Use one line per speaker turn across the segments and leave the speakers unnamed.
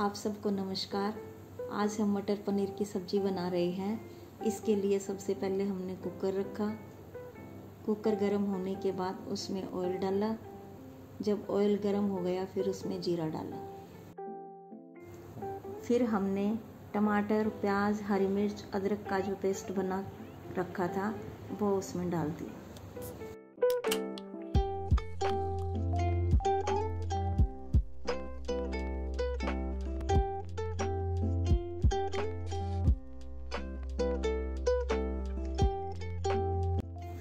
आप सबको नमस्कार आज हम मटर पनीर की सब्ज़ी बना रहे हैं इसके लिए सबसे पहले हमने कुकर रखा कुकर गर्म होने के बाद उसमें ऑयल डाला जब ऑयल गर्म हो गया फिर उसमें जीरा डाला फिर हमने टमाटर प्याज हरी मिर्च अदरक का जो पेस्ट बना रखा था वो उसमें डाल दिया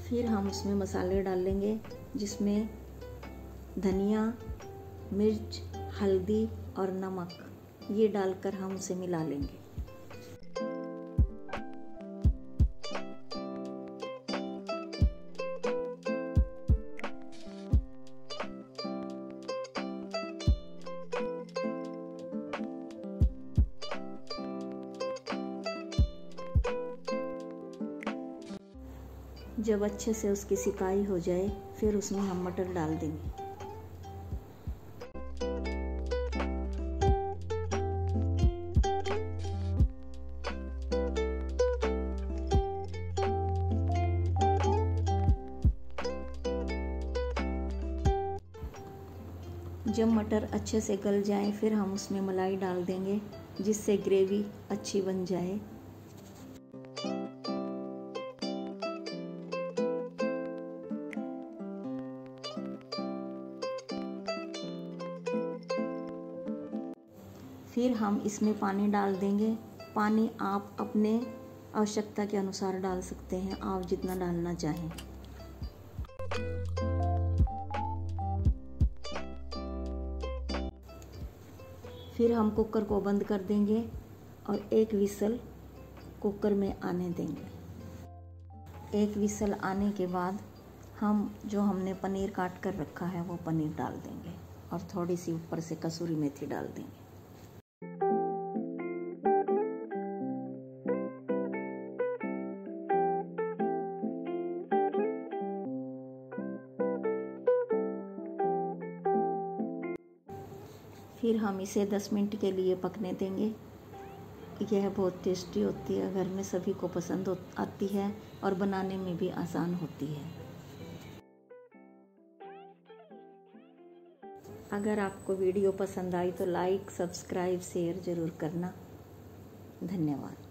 फिर हम इसमें मसाले डाल लेंगे जिसमें धनिया मिर्च हल्दी और नमक ये डालकर हम उसे मिला लेंगे जब अच्छे से उसकी सिकाई हो जाए फिर उसमें हम मटर डाल देंगे जब मटर अच्छे से गल जाए फिर हम उसमें मलाई डाल देंगे जिससे ग्रेवी अच्छी बन जाए फिर हम इसमें पानी डाल देंगे पानी आप अपने आवश्यकता के अनुसार डाल सकते हैं आप जितना डालना चाहें फिर हम कुकर को बंद कर देंगे और एक विसल कुकर में आने देंगे एक विसल आने के बाद हम जो हमने पनीर काट कर रखा है वो पनीर डाल देंगे और थोड़ी सी ऊपर से कसूरी मेथी डाल देंगे फिर हम इसे दस मिनट के लिए पकने देंगे यह बहुत टेस्टी होती है घर में सभी को पसंद आती है और बनाने में भी आसान होती है अगर आपको वीडियो पसंद आई तो लाइक सब्सक्राइब शेयर ज़रूर करना धन्यवाद